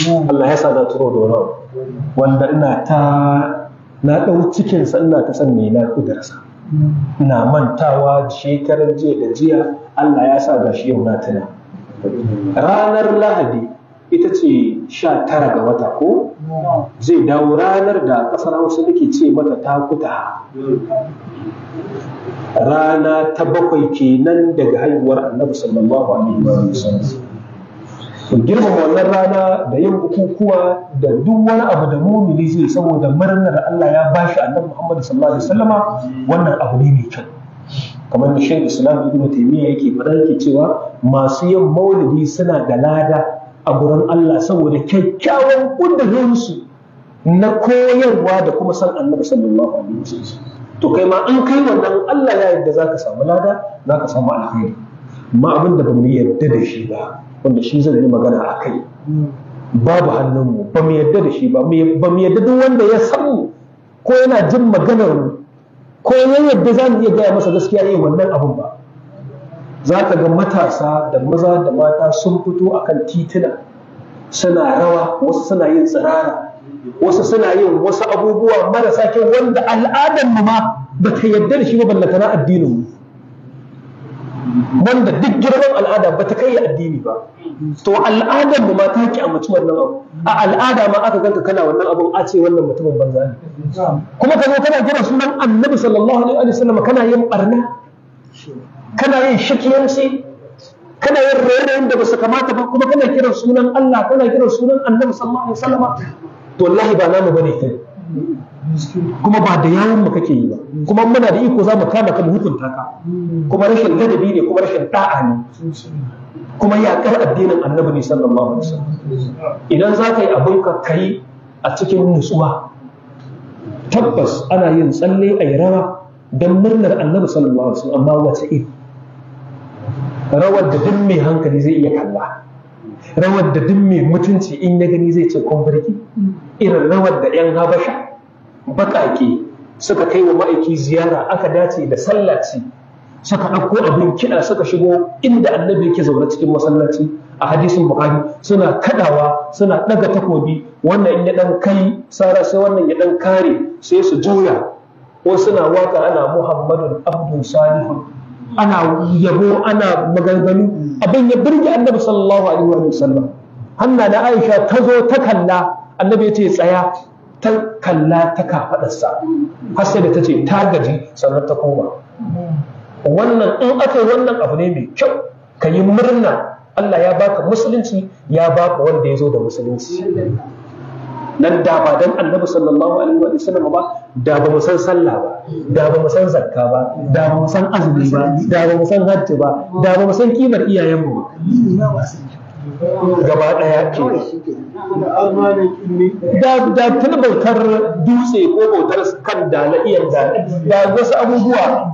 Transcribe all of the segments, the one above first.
Allah ya sa na turo da wani wanda ina ta na ɗau cikin ina ta san me na kudarsa ina mantawa shekarar jiya da jiya Allah ya sa shi yau na tana ranar lahadi ita ce sha tara ga wata ko zai dawo ranar da ƙasar hausa nake ce mata ta kuta rana ta bakwai kenan daga haihuwar annabi sallallahu alaihi wasallam to girmama wannan rana da yin bukukuwa da duk wani abu da mumini zai saboda murnar Allah ya bashi annabi Muhammad sallallahu alaihi wasallama wannan abu ne mai kyau kamar da Sheikh Islam Ibn Taymiyyah yake fara yake cewa masu yin maulidi suna da lada a gurin Allah saboda kyakkyawan kudurinsu na koyarwa da kuma san annabi sallallahu alaihi wasallam to kai ma an kai wannan Allah ya yarda zaka samu lada zaka samu alheri ma abin da ba mu yarda da shi ba wanda shi zan yi magana a kai babu hannunmu ba mu yarda da shi ba ba mu yarda duk wanda ya san ko yana jin maganar mu ko ya yarda za mu iya gaya masa gaskiya yin wannan abin ba za ka ga matasa da maza da mata sun fito a kan tituna suna rawa wasu suna yin tsirara wasu suna yin wasu abubuwa marasa kyau wanda al'adar mu ma ba ta yadda da shi ba ballatana addinin mu wanda duk girman al'ada ba ta kai addini ba to al'adar mu ma ta ki amince wannan abu a al'ada ma aka ganka kana wannan abu a ce wannan mutumin banza ne kuma ka zo kana gina sunan annabi sallallahu alaihi wasallam kana yin barna kana yin shakiyanci kana yin rairayin da ba su kamata ba kuma kana kiran sunan Allah kana kiran sunan annabi sallallahu alaihi wasallam to wallahi ba namu bane kai kuma ba da yawon mu kake yi ba kuma muna da iko za mu kama kan hukunta ka kuma rashin ladabi ne kuma rashin da'a ne kuma yaƙar addinin annabi ne sallallahu alaihi idan za ka yi abin ka kai a cikin nutsuwa tabbas ana yin tsalle a yi rawa don murnar annabi sallallahu alaihi wasallam amma wace iri rawar da duk mai hankali zai iya kalla rawar da duk mai mutunci in ya gani zai ce kun irin rawar da yan habasha baƙaƙe suka kai wa ma'aiki ziyara aka dace da sallaci suka ɗauko abin kiɗa suka shigo inda annabi yake zaune cikin masallaci a hadisin bukhari suna kadawa suna ɗaga takobi wannan ya ɗan kai sara sai wannan ya ɗan kare sai su juya ko suna waka ana muhammadun abdu salihun ana yabo ana maganganu abin ya birge annabi sallallahu alaihi wa sallam hanna na aisha ta zo ta kalla annabi ya ce tsaya ta kalla ta kafaɗarsa har sai da ta ce ta gaji sannan ta koma wannan in aka yi wannan abu ne mai kyau ka yi murna Allah ya baka musulunci ya baka wanda ya zo da musulunci nan da ba dan annabi sallallahu alaihi wa sallam ba da ba mu san sallah ba da ba mu san zakka ba da ba mu san azumi ba da ba mu san hajji ba da ba mu san kimar iyayenmu ba gaba ɗaya ke da bautar dutse ko bautar kan da na iya da wasu abubuwa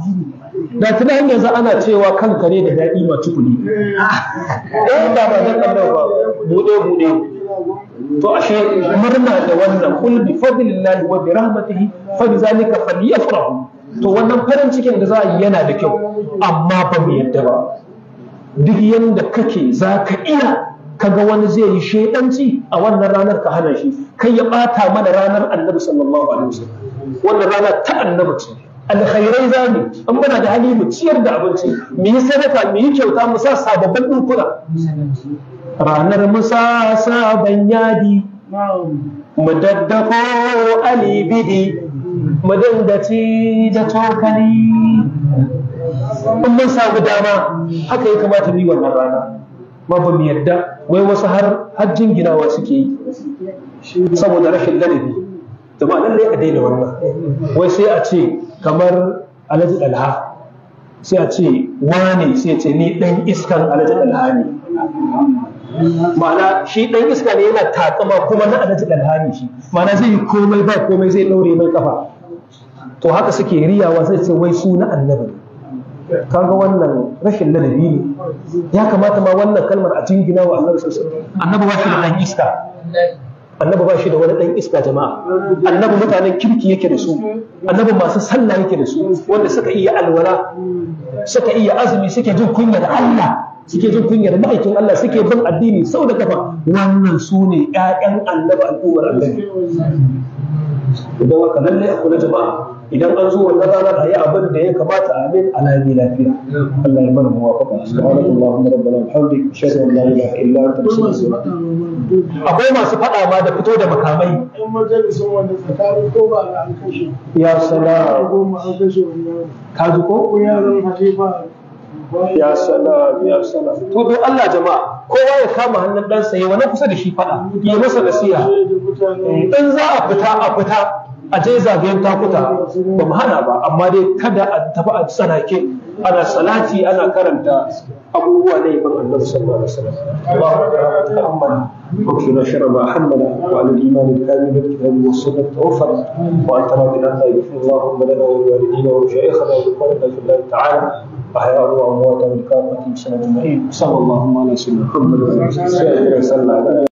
da tun hanyar za ana cewa kan kare da daɗi ma tukuni ɗan eh. da eh, ba zan ɗan ba buɗe buɗe to ashe murna da wannan kul bi fadlillahi wa bi rahmatihi fa bi zalika falyafrahu to wannan farin cikin da za a yi yana da kyau amma ba mu yadda ba duk yanda kake za ka iya kaga wani zai yi shaidanci a wannan ranar ka hana shi kai ya bata mana ranar annabi sallallahu alaihi wasallam wannan rana ta annabi ce alkhairai za ne in muna da hali mu ciyar da abinci mu yi sadaka mu yi kyauta mu sa sababbin dinkuna ranar mu sa sabon yadi mu daddako alibidi mu dinga ci da cokali in mun samu dama haka ya kamata mu yi wannan rana ma ba mu yadda wai wasu har hajjin ginawa suke yi saboda rashin ladabi jama'a lallai a daina wannan wai sai a ce kamar alhaji dalha sai a ce wane sai ce ni dan iskan alhaji dalha ne ma'ana shi dan iska ne yana takama kuma na alhaji dalha ne shi ma'ana zai yi komai ba komai zai daure mai kafa to haka suke riyawa sai ce wai su na annabi kaga wannan rashin ladabi ne ya kamata ma wannan kalmar a jingina wa annabi sallallahu alaihi annabi ba shi da dan iska annabi ba shi da wani dan iska jama'a annabi mutanen kirki yake da su annabi masu sallah yake da su wanda suka iya alwala suka iya azumi suke jin kunyar Allah suke jin kunyar ma'aikin Allah suke bin addini sau da kafa wannan su ne ƴaƴan annabi al'ummar annabi idan haka ne a na jama'a idan an zo wannan ranar a yi abin da ya kamata a min a lami lafiya Allah ya bar muwafaka subhanallahu rabbana alhamdik shadu an la ilaha illa anta astaghfiruka akwai masu fada ma da fito da makamai in majalisun wanda tsakanin ko ba an ya salam ka ji ko yaran halifa ya salam ya salam to don Allah jama'a kowa ya kama hannun ɗansa ya wani kusa da shi faɗa ya masa nasiha in za a fita a fita a je zagayen takuta ba mu hana ba amma dai kada a tafi a tsanake ana salati ana karanta abubuwa ne ibn annabi sallallahu alaihi wasallam وكلا شر ما حمل وعلى الإيمان الكامل بالكتاب والسنة توفر وان راضنا أن يغفر اللهم لنا ولوالدينا ولشيخنا ولقائنا في الله تعالى أحياء وأموات بالكافة بسنة أجمعين صلى الله على سيدنا محمد وعلى آله وصحبه وسلم